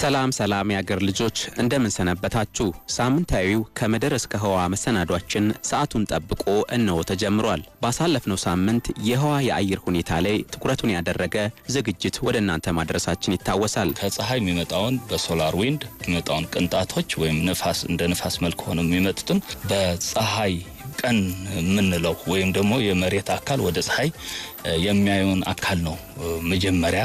ሰላም ሰላም የአገር ልጆች እንደምን ሰነበታችሁ? ሳምንታዊው ከምድር እስከ ህዋ መሰናዷችን ሰዓቱን ጠብቆ እነሆ ተጀምሯል። ባሳለፍነው ሳምንት የህዋ የአየር ሁኔታ ላይ ትኩረቱን ያደረገ ዝግጅት ወደ እናንተ ማድረሳችን ይታወሳል። ከፀሐይ የሚመጣውን በሶላር ዊንድ የሚመጣውን ቅንጣቶች ወይም ንፋስ እንደ ንፋስ መልክ ሆነ የሚመጡትን በፀሐይ ቀን የምንለው ወይም ደግሞ የመሬት አካል ወደ ፀሐይ የሚያየውን አካል ነው መጀመሪያ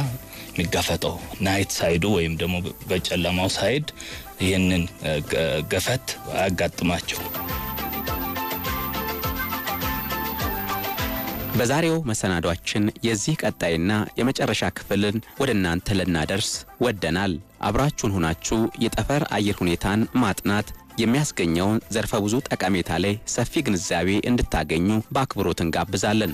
የሚጋፈጠው ናይት ሳይዱ ወይም ደግሞ በጨለማው ሳይድ ይህንን ገፈት አያጋጥማቸው። በዛሬው መሰናዷችን የዚህ ቀጣይና የመጨረሻ ክፍልን ወደ እናንተ ልናደርስ ወደናል። አብራችሁን ሆናችሁ የጠፈር አየር ሁኔታን ማጥናት የሚያስገኘውን ዘርፈ ብዙ ጠቀሜታ ላይ ሰፊ ግንዛቤ እንድታገኙ በአክብሮት እንጋብዛለን።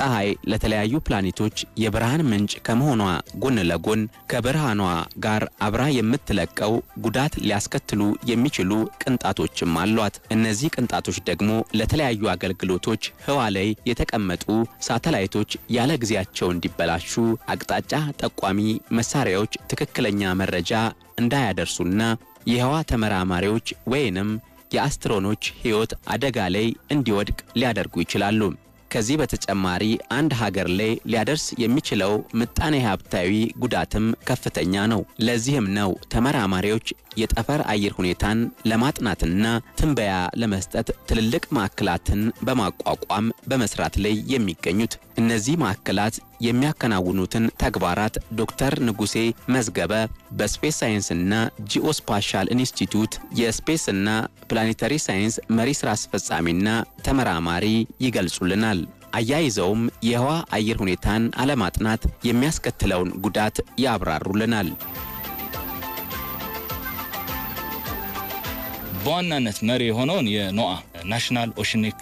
ፀሐይ ለተለያዩ ፕላኔቶች የብርሃን ምንጭ ከመሆኗ ጎን ለጎን ከብርሃኗ ጋር አብራ የምትለቀው ጉዳት ሊያስከትሉ የሚችሉ ቅንጣቶችም አሏት። እነዚህ ቅንጣቶች ደግሞ ለተለያዩ አገልግሎቶች ህዋ ላይ የተቀመጡ ሳተላይቶች ያለ ጊዜያቸው እንዲበላሹ፣ አቅጣጫ ጠቋሚ መሳሪያዎች ትክክለኛ መረጃ እንዳያደርሱና የህዋ ተመራማሪዎች ወይንም የአስትሮኖች ሕይወት አደጋ ላይ እንዲወድቅ ሊያደርጉ ይችላሉ። ከዚህ በተጨማሪ አንድ ሀገር ላይ ሊያደርስ የሚችለው ምጣኔ ሀብታዊ ጉዳትም ከፍተኛ ነው። ለዚህም ነው ተመራማሪዎች የጠፈር አየር ሁኔታን ለማጥናትና ትንበያ ለመስጠት ትልልቅ ማዕከላትን በማቋቋም በመስራት ላይ የሚገኙት። እነዚህ ማዕከላት የሚያከናውኑትን ተግባራት ዶክተር ንጉሴ መዝገበ በስፔስ ሳይንስና ጂኦስፓሻል ኢንስቲትዩት የስፔስና ፕላኔተሪ ሳይንስ መሪ ስራ አስፈጻሚና ተመራማሪ ይገልጹልናል። አያይዘውም የህዋ አየር ሁኔታን አለማጥናት የሚያስከትለውን ጉዳት ያብራሩልናል። በዋናነት መሪ የሆነውን የኖአ ናሽናል ኦሽኒክ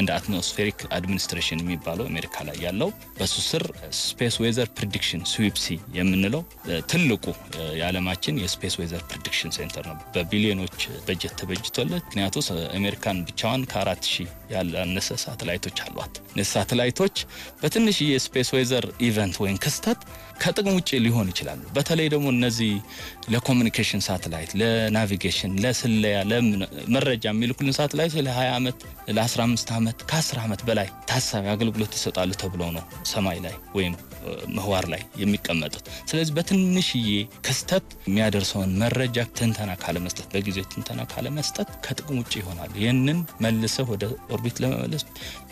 ኤንድ አትሞስፌሪክ አድሚኒስትሬሽን የሚባለው አሜሪካ ላይ ያለው በሱ ስር ስፔስ ዌዘር ፕሪዲክሽን ስዊፕሲ የምንለው ትልቁ የዓለማችን የስፔስ ዌዘር ፕሪዲክሽን ሴንተር ነው። በቢሊዮኖች በጀት ተበጅቶለት ምክንያቱ አሜሪካን ብቻዋን ከአራት ሺህ ያላነሰ ሳተላይቶች አሏት። እነዚህ ሳተላይቶች በትንሽዬ ስፔስ ዌዘር ኢቨንት ወይም ክስተት ከጥቅም ውጭ ሊሆን ይችላሉ። በተለይ ደግሞ እነዚህ ለኮሚኒኬሽን ሳተላይት፣ ለናቪጌሽን፣ ለስለያ፣ ለመረጃ የሚልኩልን ሳተላይት ለ20 ዓመት፣ ለ15 ዓመት፣ ከ10 ዓመት በላይ ታሳቢ አገልግሎት ይሰጣሉ ተብሎ ነው ሰማይ ላይ ወይም ምህዋር ላይ የሚቀመጡት። ስለዚህ በትንሽዬ ክስተት የሚያደርሰውን መረጃ ትንተና ካለመስጠት፣ በጊዜው ትንተና ካለመስጠት ከጥቅም ውጭ ይሆናሉ። ይህንን መልሰህ ወደ ኦርቢት ለመመለስ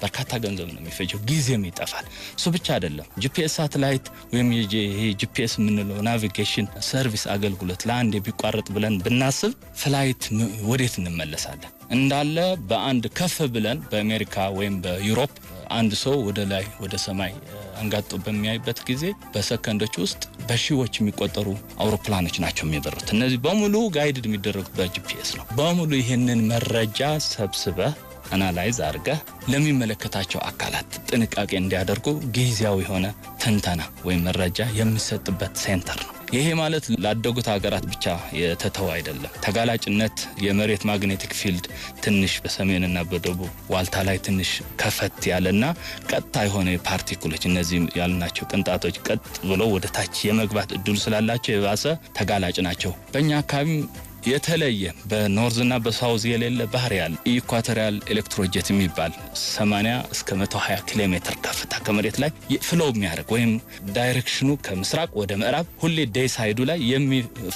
በርካታ ገንዘብ ነው የሚፈጀው፣ ጊዜም ይጠፋል። እሱ ብቻ አይደለም። ጂፒኤስ ሳትላይት ወይም ይሄ ጂፒኤስ የምንለው ናቪጌሽን ሰርቪስ አገልግሎት ለአንድ ቢቋረጥ ብለን ብናስብ ፍላይት ወዴት እንመለሳለን? እንዳለ በአንድ ከፍ ብለን በአሜሪካ ወይም በዩሮፕ አንድ ሰው ወደ ላይ ወደ ሰማይ አንጋጦ በሚያይበት ጊዜ በሰከንዶች ውስጥ በሺዎች የሚቆጠሩ አውሮፕላኖች ናቸው የሚበሩት። እነዚህ በሙሉ ጋይድድ የሚደረጉት በጂፒኤስ ነው። በሙሉ ይህንን መረጃ ሰብስበህ አናላይዝ አድርገህ ለሚመለከታቸው አካላት ጥንቃቄ እንዲያደርጉ ጊዜያዊ የሆነ ትንተና ወይም መረጃ የሚሰጥበት ሴንተር ነው። ይሄ ማለት ላደጉት ሀገራት ብቻ የተተው አይደለም። ተጋላጭነት የመሬት ማግኔቲክ ፊልድ ትንሽ በሰሜንና በደቡብ ዋልታ ላይ ትንሽ ከፈት ያለና ቀጥታ የሆነ ፓርቲክሎች እነዚህ ያልናቸው ቅንጣቶች ቀጥ ብሎ ወደ ታች የመግባት እድሉ ስላላቸው የባሰ ተጋላጭ ናቸው። በእኛ አካባቢም የተለየ በኖርዝና በሳውዝ የሌለ ባህር ኢኳቶሪያል ኤሌክትሮጀት የሚባል 80 እስከ 120 ኪሎ ሜትር ከፍታ ከመሬት ላይ ፍሎው የሚያደርግ ወይም ዳይሬክሽኑ ከምስራቅ ወደ ምዕራብ ሁሌ ዴይ ሳይዱ ላይ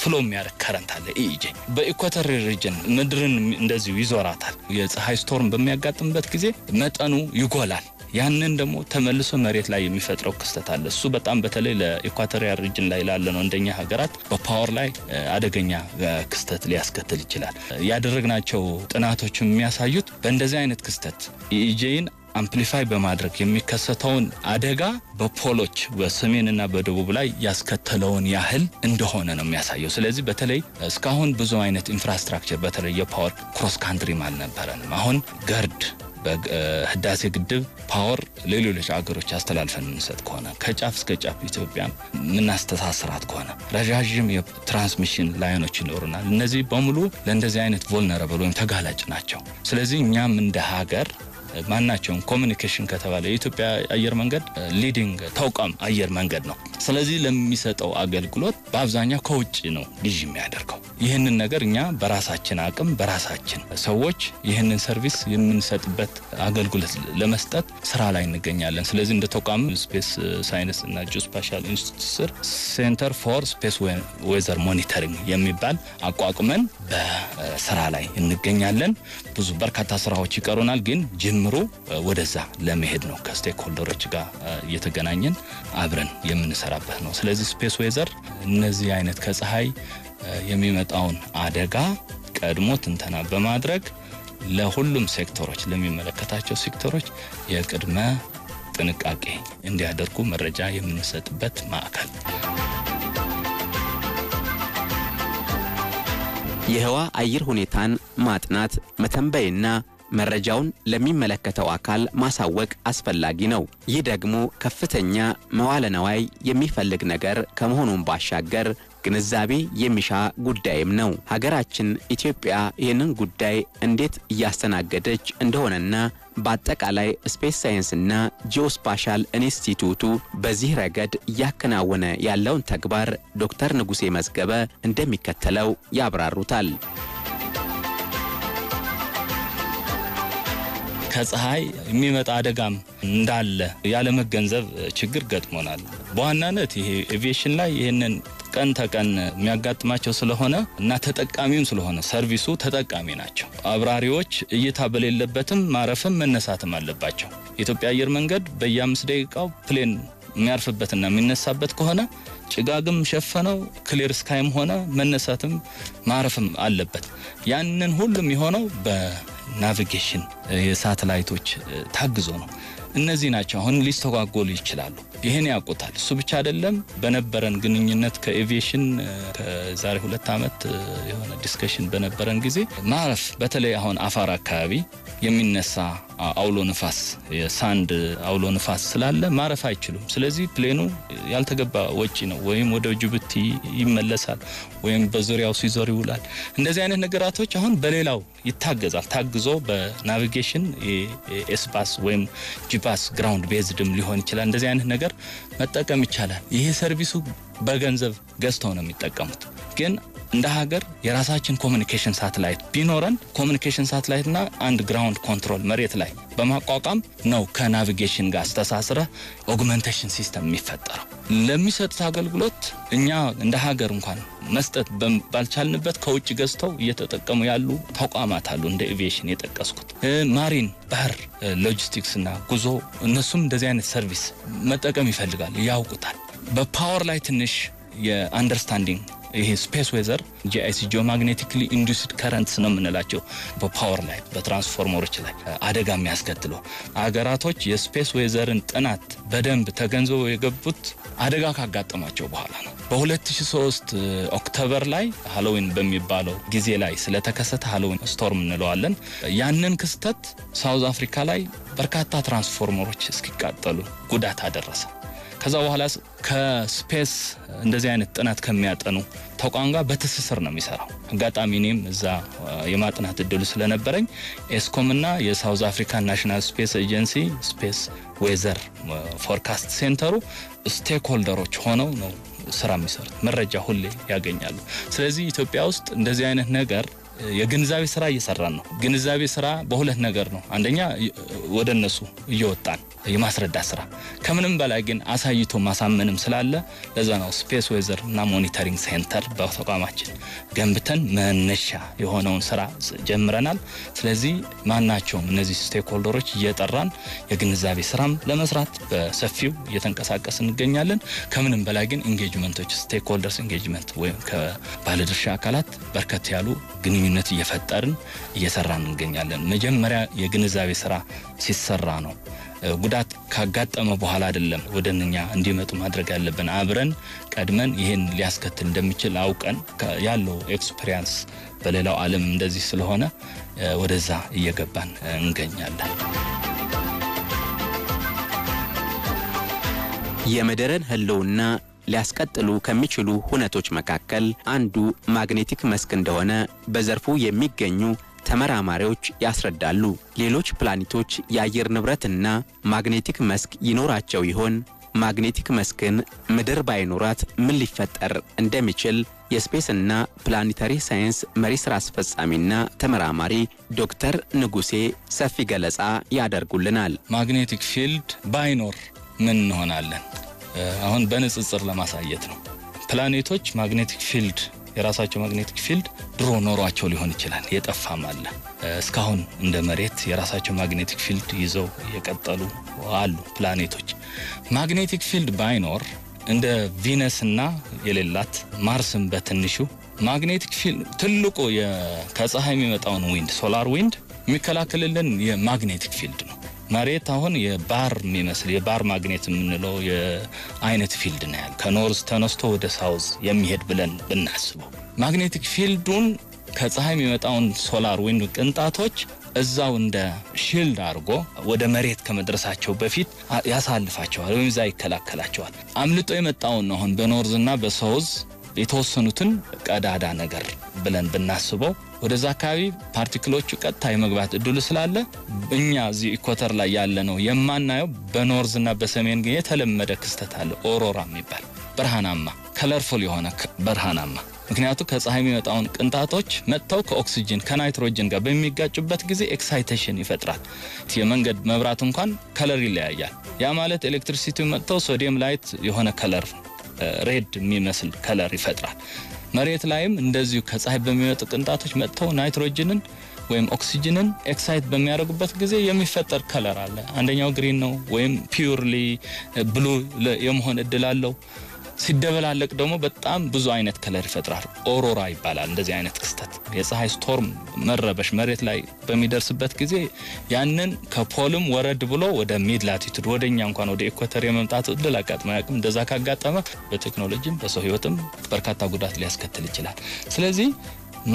ፍሎው የሚያደርግ ከረንት አለ። ኢኢጄ በኢኳቶሪ ሪጅን ምድርን እንደዚሁ ይዞራታል። የፀሐይ ስቶርም በሚያጋጥምበት ጊዜ መጠኑ ይጎላል። ያንን ደግሞ ተመልሶ መሬት ላይ የሚፈጥረው ክስተት አለ። እሱ በጣም በተለይ ለኢኳቶሪያል ሪጅን ላይ ላለ ነው እንደኛ ሀገራት በፓወር ላይ አደገኛ ክስተት ሊያስከትል ይችላል። ያደረግናቸው ጥናቶች የሚያሳዩት በእንደዚህ አይነት ክስተት ኢኢጄን አምፕሊፋይ በማድረግ የሚከሰተውን አደጋ በፖሎች በሰሜንና በደቡብ ላይ ያስከተለውን ያህል እንደሆነ ነው የሚያሳየው። ስለዚህ በተለይ እስካሁን ብዙ አይነት ኢንፍራስትራክቸር በተለይ የፓወር ክሮስ ካንትሪም አልነበረንም። አሁን ገርድ በህዳሴ ግድብ ፓወር ለሌሎች አገሮች አስተላልፈን የምንሰጥ ከሆነ ከጫፍ እስከ ጫፍ ኢትዮጵያን የምናስተሳስራት ከሆነ ረዣዥም የትራንስሚሽን ላይኖች ይኖሩናል። እነዚህ በሙሉ ለእንደዚህ አይነት ቮልነረብል ወይም ተጋላጭ ናቸው። ስለዚህ እኛም እንደ ሀገር ማናቸውም ኮሚኒኬሽን ከተባለ የኢትዮጵያ አየር መንገድ ሊዲንግ ተቋም አየር መንገድ ነው። ስለዚህ ለሚሰጠው አገልግሎት በአብዛኛው ከውጭ ነው ግዥ የሚያደርገው። ይህንን ነገር እኛ በራሳችን አቅም በራሳችን ሰዎች ይህንን ሰርቪስ የምንሰጥበት አገልግሎት ለመስጠት ስራ ላይ እንገኛለን። ስለዚህ እንደ ተቋም ስፔስ ሳይንስ እና ስፓሻል ኢንስቲትዩት ስር ሴንተር ፎር ስፔስ ዌዘር ሞኒተሪንግ የሚባል አቋቁመን በስራ ላይ እንገኛለን። ብዙ በርካታ ስራዎች ይቀሩናል፣ ግን ጅምሩ ወደዛ ለመሄድ ነው። ከስቴክሆልደሮች ጋር እየተገናኘን አብረን የምንሰራበት ነው። ስለዚህ ስፔስ ዌዘር እነዚህ አይነት ከፀሐይ የሚመጣውን አደጋ ቀድሞ ትንተና በማድረግ ለሁሉም ሴክተሮች ለሚመለከታቸው ሴክተሮች የቅድመ ጥንቃቄ እንዲያደርጉ መረጃ የምንሰጥበት ማዕከል። የህዋ አየር ሁኔታን ማጥናት መተንበይና መረጃውን ለሚመለከተው አካል ማሳወቅ አስፈላጊ ነው። ይህ ደግሞ ከፍተኛ መዋለ ነዋይ የሚፈልግ ነገር ከመሆኑም ባሻገር ግንዛቤ የሚሻ ጉዳይም ነው። ሀገራችን ኢትዮጵያ ይህንን ጉዳይ እንዴት እያስተናገደች እንደሆነና በአጠቃላይ ስፔስ ሳይንስና ጂኦስፓሻል ኢንስቲትዩቱ በዚህ ረገድ እያከናወነ ያለውን ተግባር ዶክተር ንጉሴ መዝገበ እንደሚከተለው ያብራሩታል። ከፀሐይ የሚመጣ አደጋም እንዳለ ያለመገንዘብ ችግር ገጥሞናል። በዋናነት ይሄ ኤቪዬሽን ላይ ይህንን ቀን ተቀን የሚያጋጥማቸው ስለሆነ እና ተጠቃሚም ስለሆነ ሰርቪሱ ተጠቃሚ ናቸው። አብራሪዎች እይታ በሌለበትም ማረፍም መነሳትም አለባቸው። የኢትዮጵያ አየር መንገድ በየአምስት ደቂቃው ፕሌን የሚያርፍበትና የሚነሳበት ከሆነ ጭጋግም ሸፈነው ክሊር ስካይም ሆነ መነሳትም ማረፍም አለበት። ያንን ሁሉም የሆነው በናቪጌሽን የሳተላይቶች ታግዞ ነው። እነዚህ ናቸው አሁን ሊስተጓጎሉ ይችላሉ። ይህን ያውቁታል። እሱ ብቻ አይደለም። በነበረን ግንኙነት ከኤቪዬሽን ከዛሬ ሁለት ዓመት የሆነ ዲስከሽን በነበረን ጊዜ ማረፍ በተለይ አሁን አፋር አካባቢ የሚነሳ አውሎ ንፋስ የሳንድ አውሎ ንፋስ ስላለ ማረፍ አይችሉም። ስለዚህ ፕሌኑ ያልተገባ ወጪ ነው፣ ወይም ወደ ጅቡቲ ይመለሳል፣ ወይም በዙሪያው ሲዞር ይውላል። እንደዚህ አይነት ነገራቶች አሁን በሌላው ይታገዛል። ታግዞ በናቪጌሽን ኤስፓስ ወይም ጂፓስ ግራውንድ ቤዝድም ሊሆን ይችላል። እንደዚህ አይነት ነገር መጠቀም ይቻላል። ይሄ ሰርቪሱ በገንዘብ ገዝተው ነው የሚጠቀሙት ግን እንደ ሀገር የራሳችን ኮሚኒኬሽን ሳትላይት ቢኖረን ኮሚኒኬሽን ሳትላይትና አንድ ግራውንድ ኮንትሮል መሬት ላይ በማቋቋም ነው ከናቪጌሽን ጋር አስተሳስረ ኦግመንቴሽን ሲስተም የሚፈጠረው። ለሚሰጡት አገልግሎት እኛ እንደ ሀገር እንኳን መስጠት ባልቻልንበት ከውጭ ገዝተው እየተጠቀሙ ያሉ ተቋማት አሉ። እንደ ኤቪዬሽን የጠቀስኩት ማሪን፣ ባህር ሎጂስቲክስ እና ጉዞ እነሱም እንደዚህ አይነት ሰርቪስ መጠቀም ይፈልጋል፣ ያውቁታል። በፓወር ላይ ትንሽ የአንደርስታንዲንግ ይሄ ስፔስ ዌዘር ጂአይሲ ጂኦማግኔቲክሊ ኢንዱስድ ከረንትስ ነው የምንላቸው በፓወር ላይ በትራንስፎርመሮች ላይ አደጋ የሚያስከትለው አገራቶች የስፔስ ዌዘርን ጥናት በደንብ ተገንዝበው የገቡት አደጋ ካጋጠማቸው በኋላ ነው። በ2003 ኦክቶበር ላይ ሃሎዊን በሚባለው ጊዜ ላይ ስለተከሰተ ሃሎዊን ስቶርም እንለዋለን። ያንን ክስተት ሳውዝ አፍሪካ ላይ በርካታ ትራንስፎርመሮች እስኪቃጠሉ ጉዳት አደረሰ። ከዛ በኋላ ከስፔስ እንደዚህ አይነት ጥናት ከሚያጠኑ ተቋም ጋር በትስስር ነው የሚሰራው። አጋጣሚ እኔም እዛ የማጥናት እድሉ ስለነበረኝ ኤስኮም እና የሳውዝ አፍሪካን ናሽናል ስፔስ ኤጀንሲ ስፔስ ዌዘር ፎርካስት ሴንተሩ ስቴክሆልደሮች ሆነው ነው ስራ የሚሰሩት። መረጃ ሁሌ ያገኛሉ። ስለዚህ ኢትዮጵያ ውስጥ እንደዚህ አይነት ነገር የግንዛቤ ስራ እየሰራን ነው። ግንዛቤ ስራ በሁለት ነገር ነው። አንደኛ ወደ እነሱ እየወጣን የማስረዳት ስራ፣ ከምንም በላይ ግን አሳይቶ ማሳመንም ስላለ ለዛ ነው ስፔስ ዌዘር እና ሞኒተሪንግ ሴንተር በተቋማችን ገንብተን መነሻ የሆነውን ስራ ጀምረናል። ስለዚህ ማናቸውም እነዚህ ስቴክሆልደሮች እየጠራን የግንዛቤ ስራም ለመስራት በሰፊው እየተንቀሳቀስ እንገኛለን። ከምንም በላይ ግን ኢንጌጅመንቶች ስቴክሆልደርስ ኢንጌጅመንት ወይም ከባለድርሻ አካላት በርከት ያሉ ግንኙ ግንኙነት እየፈጠርን እየሰራን እንገኛለን። መጀመሪያ የግንዛቤ ስራ ሲሰራ ነው። ጉዳት ካጋጠመ በኋላ አይደለም ወደ እኛ እንዲመጡ ማድረግ ያለብን። አብረን ቀድመን ይህን ሊያስከትል እንደሚችል አውቀን ያለው ኤክስፔሪንስ በሌላው ዓለም እንደዚህ ስለሆነ ወደዛ እየገባን እንገኛለን። የመደረን ህልውና ሊያስቀጥሉ ከሚችሉ ሁነቶች መካከል አንዱ ማግኔቲክ መስክ እንደሆነ በዘርፉ የሚገኙ ተመራማሪዎች ያስረዳሉ። ሌሎች ፕላኔቶች የአየር ንብረትና ማግኔቲክ መስክ ይኖራቸው ይሆን? ማግኔቲክ መስክን ምድር ባይኖራት ምን ሊፈጠር እንደሚችል የስፔስና ፕላኔታሪ ሳይንስ መሪ ሥራ አስፈጻሚና ተመራማሪ ዶክተር ንጉሴ ሰፊ ገለጻ ያደርጉልናል። ማግኔቲክ ፊልድ ባይኖር ምን እንሆናለን? አሁን በንጽጽር ለማሳየት ነው። ፕላኔቶች ማግኔቲክ ፊልድ የራሳቸው ማግኔቲክ ፊልድ ድሮ ኖሯቸው ሊሆን ይችላል፣ የጠፋም አለ። እስካሁን እንደ መሬት የራሳቸው ማግኔቲክ ፊልድ ይዘው የቀጠሉ አሉ ፕላኔቶች። ማግኔቲክ ፊልድ ባይኖር እንደ ቪነስ እና የሌላት ማርስን በትንሹ ማግኔቲክ ፊልድ ትልቁ ከፀሐይ የሚመጣውን ዊንድ ሶላር ዊንድ የሚከላከልልን የማግኔቲክ ፊልድ ነው። መሬት አሁን የባር የሚመስል የባር ማግኔት የምንለው የአይነት ፊልድ ነው ያለ ከኖርዝ ተነስቶ ወደ ሳውዝ የሚሄድ ብለን ብናስበው ማግኔቲክ ፊልዱን ከፀሐይ የሚመጣውን ሶላር ወይም ቅንጣቶች እዛው እንደ ሽልድ አድርጎ ወደ መሬት ከመድረሳቸው በፊት ያሳልፋቸዋል ወይም እዛ ይከላከላቸዋል። አምልጦ የመጣውን አሁን በኖርዝ እና በሰውዝ የተወሰኑትን ቀዳዳ ነገር ብለን ብናስበው ወደዛ አካባቢ ፓርቲክሎቹ ቀጥታ የመግባት እድሉ ስላለ እኛ እዚህ ኢኮተር ላይ ያለ ነው የማናየው። በኖርዝ እና በሰሜን ግን የተለመደ ክስተት አለ። ኦሮራ የሚባል ብርሃናማ ከለርፉል የሆነ ብርሃናማ ምክንያቱ ከፀሐይ የሚመጣውን ቅንጣቶች መጥተው ከኦክሲጅን ከናይትሮጅን ጋር በሚጋጩበት ጊዜ ኤክሳይቴሽን ይፈጥራል። የመንገድ መብራት እንኳን ከለር ይለያያል። ያ ማለት ኤሌክትሪሲቲ መጥተው ሶዲየም ላይት የሆነ ከለር ሬድ የሚመስል ከለር ይፈጥራል። መሬት ላይም እንደዚሁ ከፀሐይ በሚወጡ ቅንጣቶች መጥተው ናይትሮጅንን ወይም ኦክሲጅንን ኤክሳይት በሚያደርጉበት ጊዜ የሚፈጠር ከለር አለ። አንደኛው ግሪን ነው ወይም ፒውርሊ ብሉ የመሆን እድል አለው። ሲደበላለቅ ደግሞ በጣም ብዙ አይነት ከለር ይፈጥራል። ኦሮራ ይባላል። እንደዚህ አይነት ክስተት የፀሐይ ስቶርም መረበሽ መሬት ላይ በሚደርስበት ጊዜ ያንን ከፖልም ወረድ ብሎ ወደ ሚድ ላቲቱድ ወደ እኛ እንኳን ወደ ኢኳተር የመምጣት እድል አጋጥሞ ያቅም እንደዛ ካጋጠመ በቴክኖሎጂም በሰው ህይወትም በርካታ ጉዳት ሊያስከትል ይችላል። ስለዚህ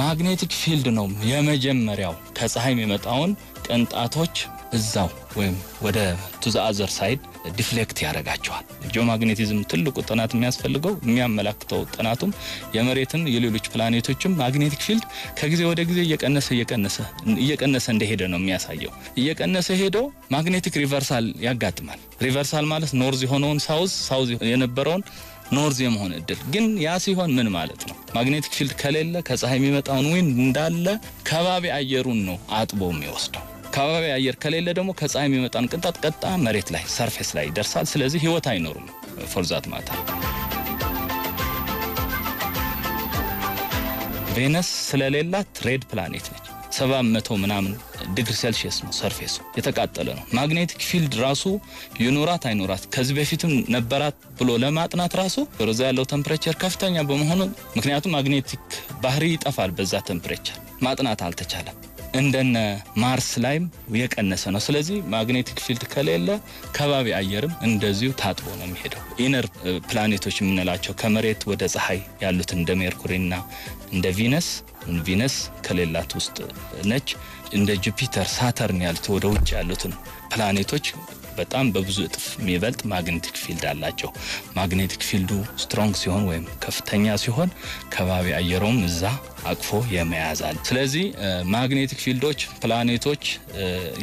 ማግኔቲክ ፊልድ ነው የመጀመሪያው ከፀሐይ የሚመጣውን ቅንጣቶች እዛው ወይም ወደ ቱዘአዘር ሳይድ ዲፍሌክት ያደርጋቸዋል። ጂኦማግኔቲዝም ትልቁ ጥናት የሚያስፈልገው የሚያመላክተው ጥናቱም የመሬትም የሌሎች ፕላኔቶችም ማግኔቲክ ፊልድ ከጊዜ ወደ ጊዜ እየቀነሰ እየቀነሰ እየቀነሰ እንደሄደ ነው የሚያሳየው። እየቀነሰ ሄዶ ማግኔቲክ ሪቨርሳል ያጋጥማል። ሪቨርሳል ማለት ኖርዝ የሆነውን ሳውዝ ሳውዝ የነበረውን ኖርዝ የመሆን እድል ግን ያ ሲሆን ምን ማለት ነው? ማግኔቲክ ፊልድ ከሌለ ከፀሐይ የሚመጣውን ዊንድ እንዳለ ከባቢ አየሩን ነው አጥቦ የሚወስደው። ከአባቢ አየር ከሌለ ደግሞ ከፀሐይ የሚመጣን ቅንጣት ቀጣ መሬት ላይ ሰርፌስ ላይ ይደርሳል። ስለዚህ ህይወት አይኖሩም ፎርዛት ማታ ቬነስ ስለሌላት ሬድ ፕላኔት ነች። ሰባ መቶ ምናምን ዲግሪ ሴልሺየስ ነው ሰርፌሱ የተቃጠለ ነው። ማግኔቲክ ፊልድ ራሱ ይኑራት አይኑራት ከዚህ በፊትም ነበራት ብሎ ለማጥናት ራሱ ሮዛ ያለው ተምፕሬቸር ከፍተኛ በመሆኑ ምክንያቱም ማግኔቲክ ባህሪ ይጠፋል በዛ ተምፕሬቸር ማጥናት አልተቻለም። እንደነ ማርስ ላይም የቀነሰ ነው። ስለዚህ ማግኔቲክ ፊልድ ከሌለ ከባቢ አየርም እንደዚሁ ታጥቦ ነው የሚሄደው። ኢነር ፕላኔቶች የምንላቸው ከመሬት ወደ ፀሐይ ያሉት እንደ ሜርኩሪና እንደ ቪነስ ቪነስ ከሌላት ውስጥ ነች። እንደ ጁፒተር፣ ሳተርን ያሉት ወደ ውጭ ያሉትን ፕላኔቶች በጣም በብዙ እጥፍ የሚበልጥ ማግኔቲክ ፊልድ አላቸው። ማግኔቲክ ፊልዱ ስትሮንግ ሲሆን ወይም ከፍተኛ ሲሆን ከባቢ አየሩም እዛ አቅፎ የመያዛል። ስለዚህ ማግኔቲክ ፊልዶች ፕላኔቶች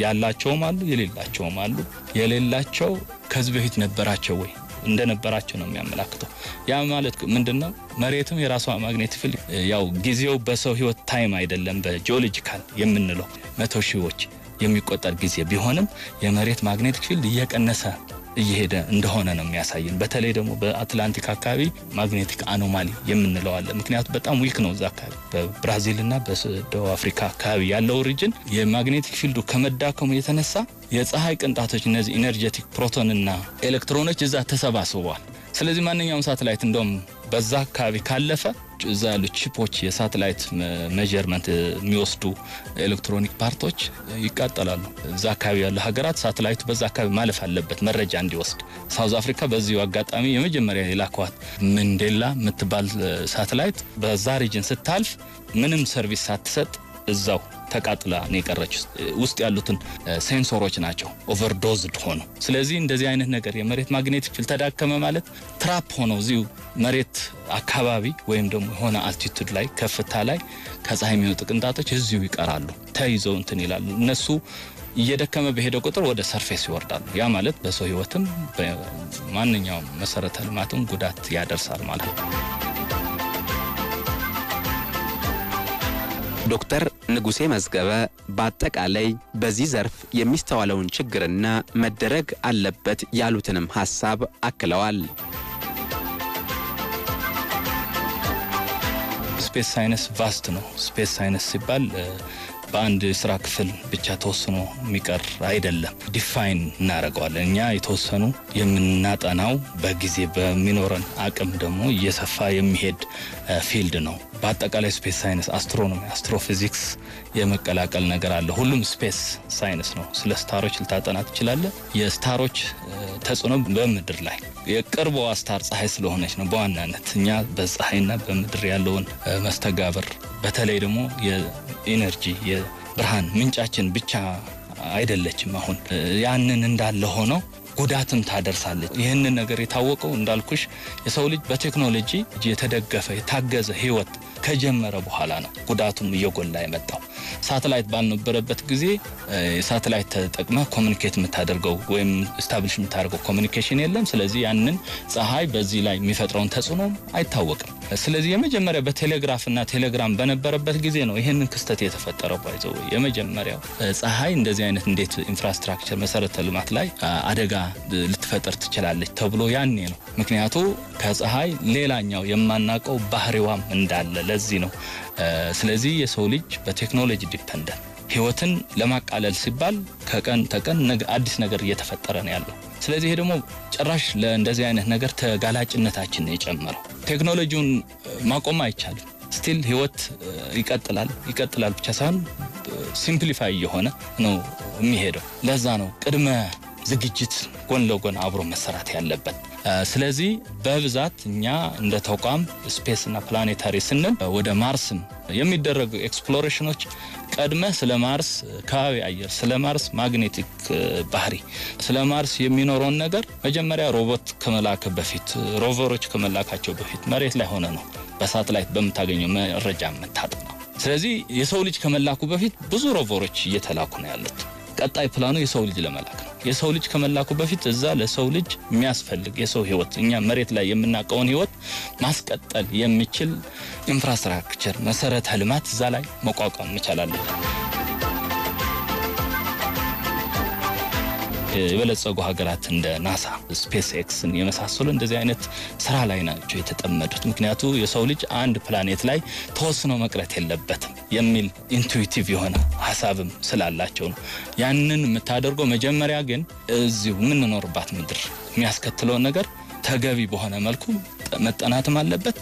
ያላቸውም አሉ የሌላቸውም አሉ። የሌላቸው ከዚህ በፊት ነበራቸው ወይ እንደነበራቸው ነው የሚያመላክተው። ያ ማለት ምንድን ነው? መሬትም የራሷ ማግኔት ፊልድ ያው ጊዜው በሰው ህይወት ታይም አይደለም፣ በጂኦሎጂካል የምንለው መቶ ሺዎች የሚቆጠር ጊዜ ቢሆንም የመሬት ማግኔት ፊልድ እየቀነሰ እየሄደ እንደሆነ ነው የሚያሳየን። በተለይ ደግሞ በአትላንቲክ አካባቢ ማግኔቲክ አኖማሊ የምንለው አለ። ምክንያቱም በጣም ዊክ ነው እዛ አካባቢ በብራዚልና በደቡብ አፍሪካ አካባቢ ያለው ሪጅን የማግኔቲክ ፊልዱ ከመዳከሙ የተነሳ የፀሐይ ቅንጣቶች እነዚህ ኢነርጀቲክ ፕሮቶንና ኤሌክትሮኖች እዛ ተሰባስበዋል። ስለዚህ ማንኛውም ሳተላይት እንደውም በዛ አካባቢ ካለፈ እዛ ያሉ ቺፖች የሳተላይት ሜጀርመንት የሚወስዱ ኤሌክትሮኒክ ፓርቶች ይቃጠላሉ። እዛ አካባቢ ያሉ ሀገራት ሳተላይቱ በዛ አካባቢ ማለፍ አለበት መረጃ እንዲወስድ። ሳውዝ አፍሪካ በዚሁ አጋጣሚ የመጀመሪያ የላኳት ምንዴላ የምትባል ሳተላይት በዛ ሪጅን ስታልፍ ምንም ሰርቪስ ሳትሰጥ እዛው ተቃጥላ ነው የቀረች። ውስጥ ያሉትን ሴንሶሮች ናቸው ኦቨርዶዝድ ሆኖ። ስለዚህ እንደዚህ አይነት ነገር የመሬት ማግኔቲክ ፊልድ ተዳከመ ማለት ትራፕ ሆኖ እዚሁ መሬት አካባቢ ወይም ደግሞ የሆነ አልቲቱድ ላይ ከፍታ ላይ ከፀሐይ የሚወጡ ቅንጣቶች እዚሁ ይቀራሉ፣ ተይዘው እንትን ይላሉ እነሱ እየደከመ በሄደ ቁጥር ወደ ሰርፌስ ይወርዳሉ። ያ ማለት በሰው ህይወትም በማንኛውም መሰረተ ልማትም ጉዳት ያደርሳል ማለት ነው። ዶክተር ንጉሴ መዝገበ በአጠቃላይ በዚህ ዘርፍ የሚስተዋለውን ችግርና መደረግ አለበት ያሉትንም ሐሳብ አክለዋል። ስፔስ ሳይንስ ቫስት ነው። ስፔስ ሳይንስ ሲባል በአንድ ስራ ክፍል ብቻ ተወስኖ የሚቀር አይደለም። ዲፋይን እናደርገዋለን። እኛ የተወሰኑ የምናጠናው በጊዜ በሚኖረን አቅም ደግሞ እየሰፋ የሚሄድ ፊልድ ነው። በአጠቃላይ ስፔስ ሳይንስ፣ አስትሮኖሚ፣ አስትሮፊዚክስ የመቀላቀል ነገር አለ። ሁሉም ስፔስ ሳይንስ ነው። ስለ ስታሮች ልታጠና ትችላለ። የስታሮች ተጽዕኖ በምድር ላይ የቅርቧ ስታር ፀሐይ ስለሆነች ነው። በዋናነት እኛ በፀሐይና በምድር ያለውን መስተጋብር በተለይ ደግሞ የኢነርጂ የብርሃን ምንጫችን ብቻ አይደለችም። አሁን ያንን እንዳለ ሆነው ጉዳትም ታደርሳለች። ይህንን ነገር የታወቀው እንዳልኩሽ የሰው ልጅ በቴክኖሎጂ የተደገፈ የታገዘ ህይወት ከጀመረ በኋላ ነው ጉዳቱም እየጎላ የመጣው። ሳተላይት ባልነበረበት ጊዜ ሳተላይት ተጠቅመ ኮሚኒኬት የምታደርገው ወይም ስታብሊሽ የምታደርገው ኮሚኒኬሽን የለም። ስለዚህ ያንን ፀሐይ በዚህ ላይ የሚፈጥረውን ተጽዕኖ አይታወቅም። ስለዚህ የመጀመሪያ በቴሌግራፍ እና ቴሌግራም በነበረበት ጊዜ ነው ይህንን ክስተት የተፈጠረው። ባይዘው የመጀመሪያው ፀሐይ እንደዚህ አይነት እንዴት ኢንፍራስትራክቸር መሰረተ ልማት ላይ አደጋ ልትፈጠር ትችላለች ተብሎ ያኔ ነው ምክንያቱ ከፀሐይ ሌላኛው የማናውቀው ባህሪዋም እንዳለ ለዚህ ነው። ስለዚህ የሰው ልጅ በቴክኖሎጂ ዲፐንደንት ህይወትን ለማቃለል ሲባል ከቀን ተቀን አዲስ ነገር እየተፈጠረ ነው ያለው። ስለዚህ ይሄ ደግሞ ጭራሽ ለእንደዚህ አይነት ነገር ተጋላጭነታችን ነው የጨመረው። ቴክኖሎጂውን ማቆም አይቻልም። ስቲል ህይወት ይቀጥላል። ይቀጥላል ብቻ ሳይሆን ሲምፕሊፋይ እየሆነ ነው የሚሄደው። ለዛ ነው ቅድመ ዝግጅት ጎን ለጎን አብሮ መሰራት ያለበት። ስለዚህ በብዛት እኛ እንደ ተቋም ስፔስ ፕላኔታሪ ስንል ወደ ማርስም የሚደረጉ ኤክስፕሎሬሽኖች ቀድመ ስለ ማርስ ከባቢ አየር፣ ስለ ማርስ ማግኔቲክ ባህሪ፣ ስለ ማርስ የሚኖረውን ነገር መጀመሪያ ሮቦት ከመላክ በፊት ሮቨሮች ከመላካቸው በፊት መሬት ላይ ሆነ ነው በሳትላይት በምታገኘው መረጃ የምታጠናው። ስለዚህ የሰው ልጅ ከመላኩ በፊት ብዙ ሮቨሮች እየተላኩ ነው ያሉት። ቀጣይ ፕላኑ የሰው ልጅ ለመላክ ነው። የሰው ልጅ ከመላኩ በፊት እዛ ለሰው ልጅ የሚያስፈልግ የሰው ህይወት እኛ መሬት ላይ የምናውቀውን ህይወት ማስቀጠል የሚችል ኢንፍራስትራክቸር መሰረተ ልማት እዛ ላይ መቋቋም መቻል የበለጸጉ ሀገራት እንደ ናሳ፣ ስፔስ ኤክስን የመሳሰሉ እንደዚህ አይነት ስራ ላይ ናቸው የተጠመዱት። ምክንያቱ የሰው ልጅ አንድ ፕላኔት ላይ ተወስኖ መቅረት የለበትም የሚል ኢንቱዊቲቭ የሆነ ሀሳብም ስላላቸው ነው። ያንን የምታደርገው መጀመሪያ ግን እዚሁ የምንኖርባት ምድር የሚያስከትለውን ነገር ተገቢ በሆነ መልኩ መጠናትም አለበት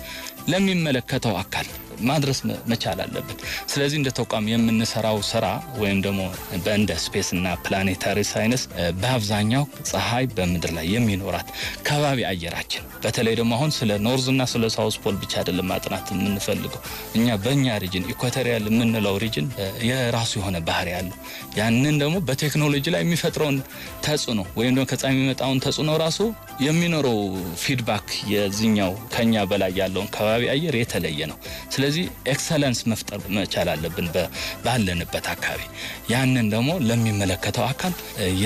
ለሚመለከተው አካል ማድረስ መቻል አለብን። ስለዚህ እንደ ተቋም የምንሰራው ስራ ወይም ደግሞ በእንደ ስፔስ እና ፕላኔታሪ ሳይንስ በአብዛኛው ፀሐይ በምድር ላይ የሚኖራት ከባቢ አየራችን በተለይ ደግሞ አሁን ስለ ኖርዝ እና ስለ ሳውስ ፖል ብቻ አይደለም ማጥናት የምንፈልገው እኛ በእኛ ሪጅን ኢኳቶሪያል የምንለው ሪጅን የራሱ የሆነ ባህሪ ያለ ያንን ደግሞ በቴክኖሎጂ ላይ የሚፈጥረውን ተጽዕኖ ወይም ደግሞ ከፀሐይ የሚመጣውን ተጽዕኖ ራሱ የሚኖረው ፊድባክ የዚኛው ከኛ በላይ ያለውን ከባቢ አየር የተለየ ነው። ስለዚህ ኤክሰለንስ መፍጠር መቻል አለብን ባለንበት አካባቢ። ያንን ደግሞ ለሚመለከተው አካል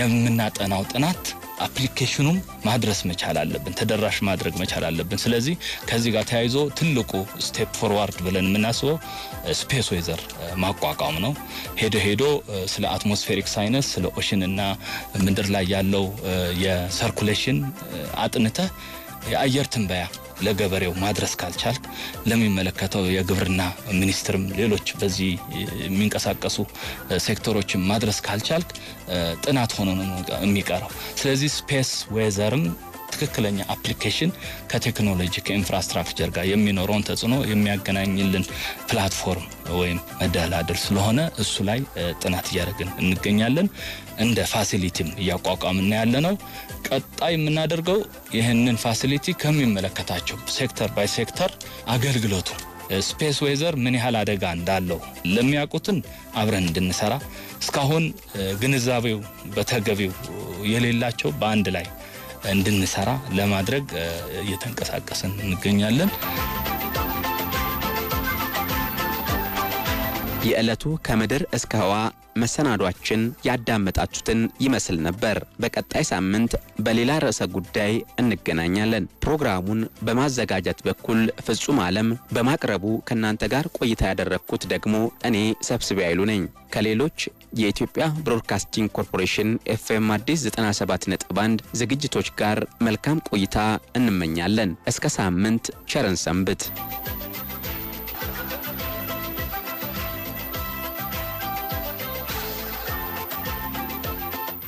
የምናጠናው ጥናት አፕሊኬሽኑም ማድረስ መቻል አለብን፣ ተደራሽ ማድረግ መቻል አለብን። ስለዚህ ከዚህ ጋር ተያይዞ ትልቁ ስቴፕ ፎርዋርድ ብለን የምናስበው ስፔስ ዌዘር ማቋቋም ነው። ሄዶ ሄዶ ስለ አትሞስፌሪክ ሳይነስ ስለ ኦሽን እና ምድር ላይ ያለው የሰርኩሌሽን አጥንተህ የአየር ትንበያ ለገበሬው ማድረስ ካልቻል ለሚመለከተው የግብርና ሚኒስትርም ሌሎች በዚህ የሚንቀሳቀሱ ሴክተሮችን ማድረስ ካልቻልክ ጥናት ሆኖ ነው የሚቀረው። ስለዚህ ስፔስ ዌዘርም ትክክለኛ አፕሊኬሽን ከቴክኖሎጂ ከኢንፍራስትራክቸር ጋር የሚኖረውን ተጽዕኖ የሚያገናኝልን ፕላትፎርም ወይም መደላድል ስለሆነ እሱ ላይ ጥናት እያደረግን እንገኛለን። እንደ ፋሲሊቲም እያቋቋምና ያለ ነው። ቀጣይ የምናደርገው ይህንን ፋሲሊቲ ከሚመለከታቸው ሴክተር ባይ ሴክተር አገልግሎቱ ስፔስ ዌዘር ምን ያህል አደጋ እንዳለው ለሚያውቁትን አብረን እንድንሰራ እስካሁን ግንዛቤው በተገቢው የሌላቸው በአንድ ላይ እንድንሰራ ለማድረግ እየተንቀሳቀስን እንገኛለን። የዕለቱ ከምድር እስከ ህዋ መሰናዷችን ያዳመጣችሁትን ይመስል ነበር። በቀጣይ ሳምንት በሌላ ርዕሰ ጉዳይ እንገናኛለን። ፕሮግራሙን በማዘጋጀት በኩል ፍጹም ዓለም በማቅረቡ ከእናንተ ጋር ቆይታ ያደረግኩት ደግሞ እኔ ሰብስቤ አይሉ ነኝ። ከሌሎች የኢትዮጵያ ብሮድካስቲንግ ኮርፖሬሽን ኤፍኤም አዲስ 97 ነጥብ 1 ዝግጅቶች ጋር መልካም ቆይታ እንመኛለን። እስከ ሳምንት ቸረን ሰንብት።